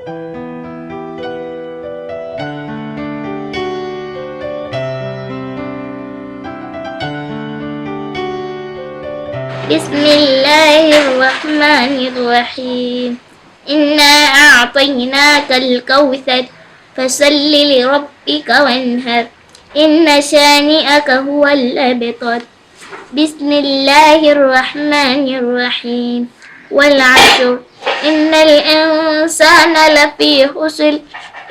بسم الله الرحمن الرحيم إنا أعطيناك الكوثر فصل لربك وانهر إن شانئك هو الأبطر بسم الله الرحمن الرحيم والعشر إن الإنسان لفي خسر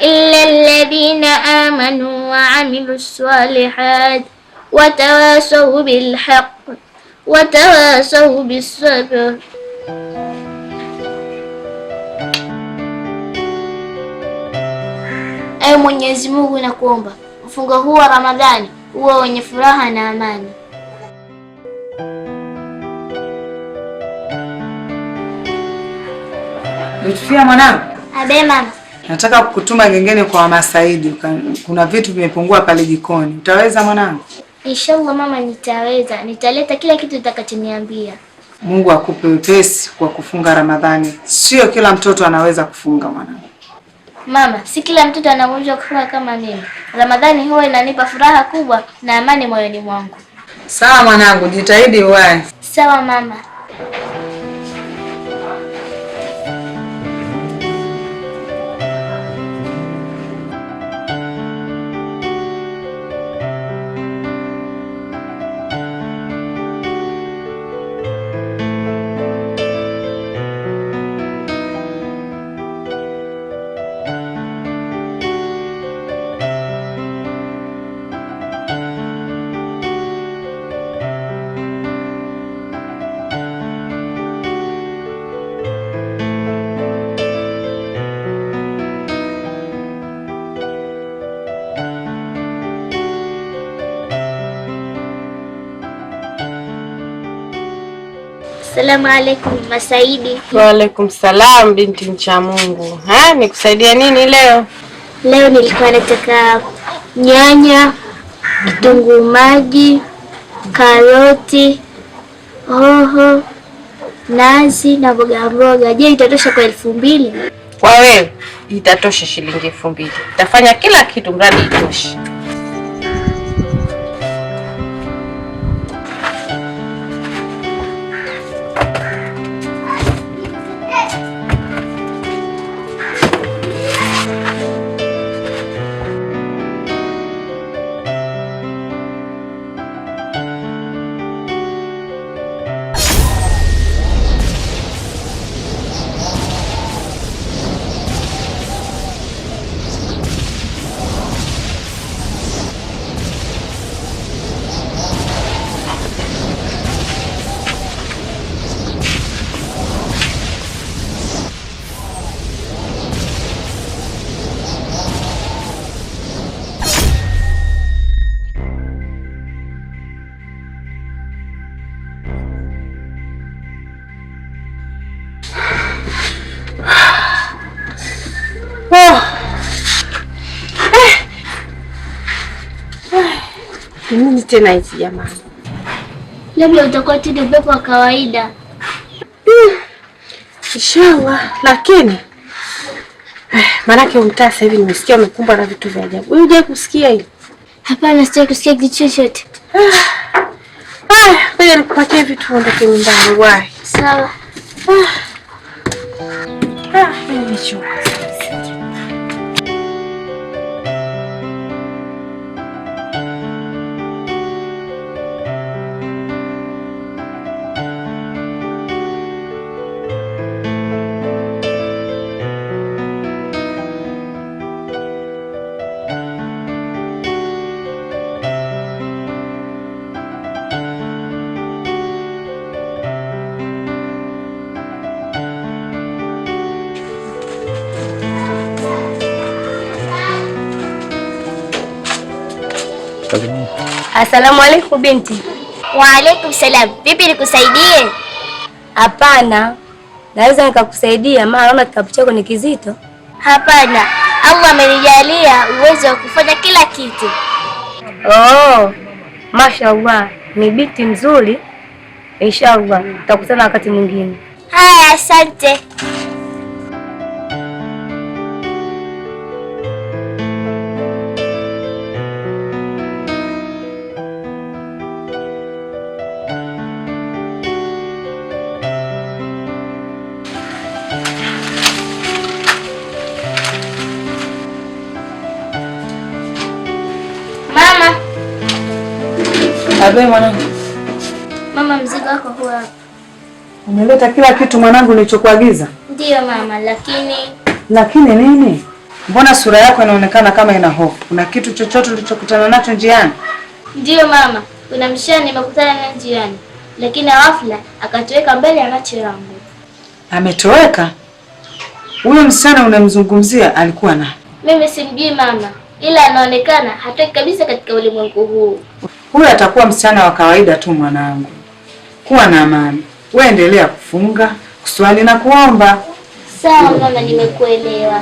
إلا الذين آمنوا وعملوا الصالحات وتواصوا بالحق وتواصوا بالصبر Ewe Mwenyezi Mungu, nakuomba mfungo huu wa Ramadhani uwe wenye furaha na amani. Umetulia mwanangu? Abe mama. Nataka kutuma gengene kwa mama Saidi. Kuna vitu vimepungua pale jikoni. Utaweza mwanangu? Inshallah mama, nitaweza. Nitaleta kila kitu utakachoniambia. Mungu akupe wepesi kwa kufunga Ramadhani. Sio kila mtoto anaweza kufunga mwanangu. Mama, si kila mtoto ana uwezo wa kufunga kama mimi. Ramadhani huwa inanipa furaha kubwa na amani moyoni mwangu. Sawa mwanangu, jitahidi uwae. Sawa mama. salamu alaikum Masaidi. alaikum salam binti mcha Mungu. Ha, nikusaidia nini leo? Leo nilikuwa nataka nyanya, kitunguu maji, karoti, hoho, nazi na mboga mboga. Je, itatosha kwa elfu mbili? Kwa wewe itatosha shilingi elfu mbili. itafanya kila kitu mradi itoshe. Ni nini tena hizi jamani? Labda yaani utakuwa tu upepo wa kawaida. Hmm. Inshallah, lakini eh, maanake umtaa sasa hivi nimesikia umekumbwa na vitu vya ajabu. Wewe hujawahi kusikia hili? Hapana, sitaki kusikia kitu chochote. Ah, Ah, ngoja nikupatie vitu uondoke nyumbani. Sawa. Ah. Ah, Asalamu alaikum binti. Wa alaikum salam. Vipi nikusaidie? Hapana, naweza nikakusaidia, maana naona kikapu chako ni kizito. Hapana, Allah amenijalia uwezo wa kufanya kila kitu. Oh, mashaallah, ni binti mzuri. Inshallah tutakutana wakati mwingine. Haya, asante. wewe mwanangu? Mama, mzigo wako huwa hapa. Umeleta kila kitu mwanangu nilichokuagiza? Ndiyo mama, lakini lakini nini? Mbona sura yako inaonekana kama ina hofu? Kuna kitu chochote ulichokutana nacho njiani? Ndiyo mama, kuna mshana nimekutana naye njiani, lakini ghafla akatoweka mbele ya macho yangu. Ametoweka? Huyo msichana unamzungumzia alikuwa na? Mimi simjui mama, ila anaonekana hatoki kabisa katika ulimwengu huu. Huyu atakuwa msichana wa kawaida tu mwanangu. Kuwa na amani. Wewe endelea kufunga, kuswali na kuomba. Sawa mama, nimekuelewa.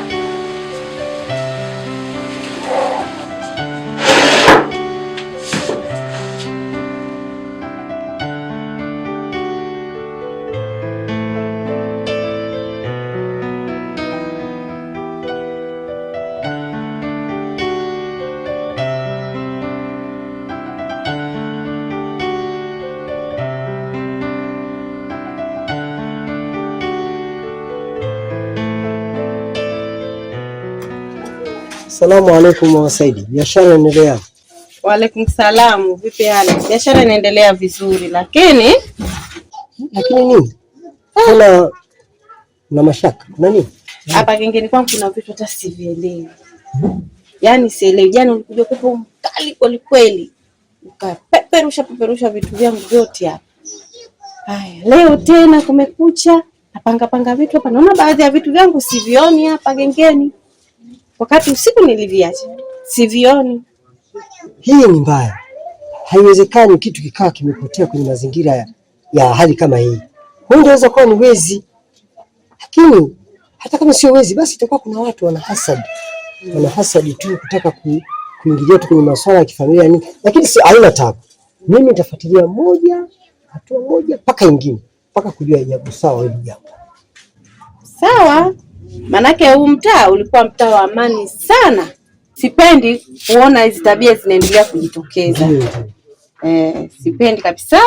Salamu alaikum wasaidi, biashara inaendelea? Waalaikum salam, Vipi hali? Biashara inaendelea vizuri, lakini lakini nini? Kuna na mashaka nani hapa kingeni kwangu? Kuna vitu hata sivielewi, yaani sielewi. Jana yaani ulikuja upepo mkali kwelikweli, ukapeperusha peperusha vitu vyangu vyote hapa. Haya, leo tena kumekucha, napangapanga vitu hapa, naona baadhi ya vitu vyangu sivioni hapa gengeni wakati usiku niliviacha sivioni. Hii ni mbaya, haiwezekani kitu kikaa kimepotea kwenye mazingira ya hali kama hii. Huyu anaweza kuwa ni wezi, lakini hata kama sio wezi, basi itakuwa kuna watu wana hasadi, wana hasadi tu kutaka ku, kuingilia tu kwenye masuala ya kifamilia, lakini si aina tabu. Mimi nitafuatilia moja hatua moja mpaka ingine mpaka kujua ijabu sawa hili jambo sawa manake huu mtaa ulikuwa mtaa wa amani sana. Sipendi kuona hizi tabia zinaendelea kujitokeza. Mm. Eh, sipendi kabisa.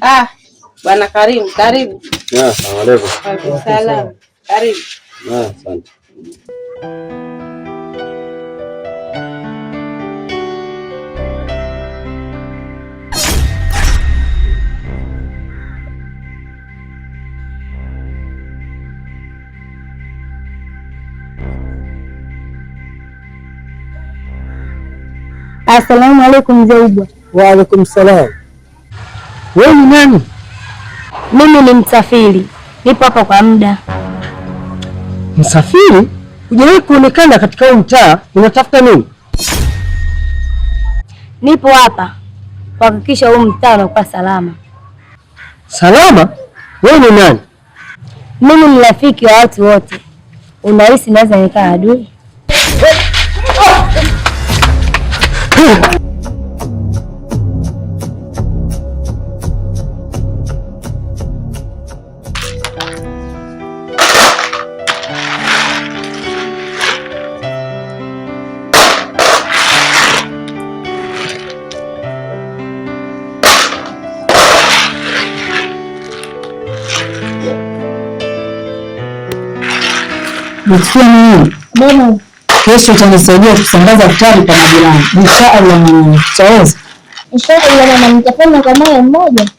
Ah, Bwana Karimu, karibu. Asalamu ah, alaykum. Karibu. Ah, asante. Asalamu alaikum mzee Ubwa. Wa alaikum salam. Wewe ni nani? Mimi ni msafiri, nipo hapa kwa muda. Msafiri? Hujawahi kuonekana katika huu mtaa, unatafuta nini? Nipo hapa kuhakikisha huu mtaa unakuwa salama. Salama? Wewe ni nani? Mimi ni rafiki wa watu wote. Unahisi naweza nikaa adui? 미치는 너무 Kesho utanisaidia kusambaza futari kwa majirani, insha Allah. Tutaweza insha Allah mama, nitafanya kwa moyo mmoja.